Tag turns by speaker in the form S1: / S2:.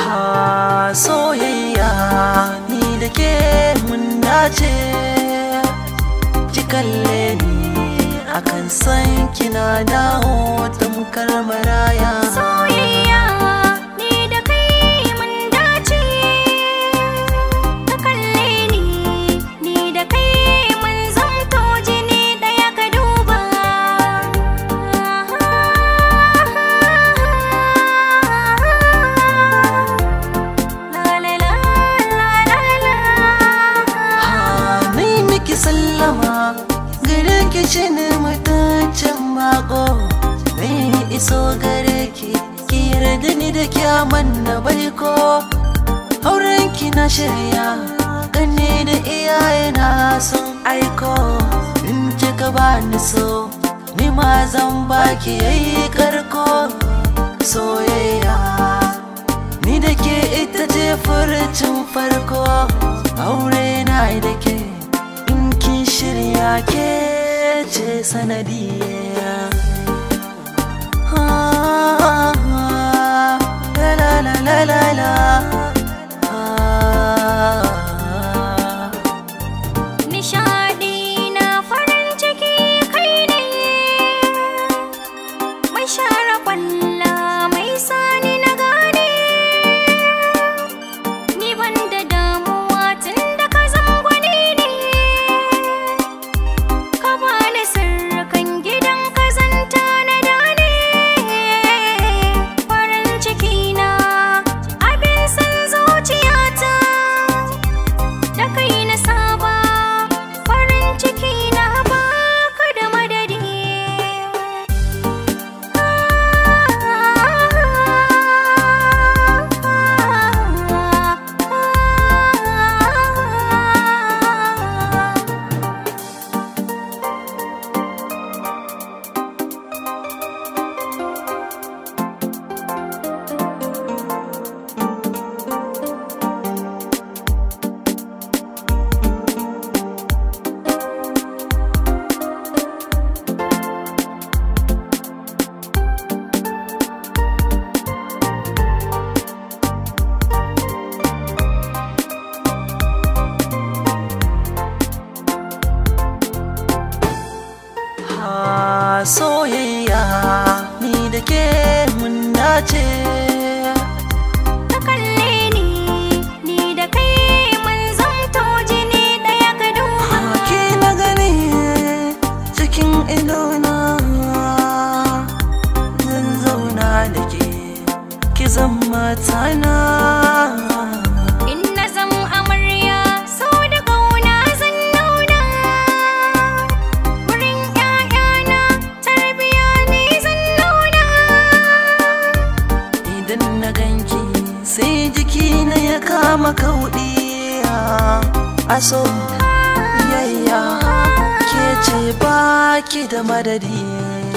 S1: ha soyayya ni da ke mun dace ki kalle ni akan san kina dawo tamkar maraya soyayya shine ni mutuncin mako mai iso gare ki ki yarda ni da kyaman na baiko auren ki na shirya gane da iyaye na sun aiko in kika ba ni so ni ma zan ki yayi karko soyayya ni da ke ita ce furucin farko aure na da ke in kin shirya ke ce sanadiyya a soyayya ni da ke mun dace ka ni ni da kai mun zamto jini daya ka duba ke na gani cikin idona zan zauna da ke ki zama tana kama kauɗi aso yayya ke ce baki da madadi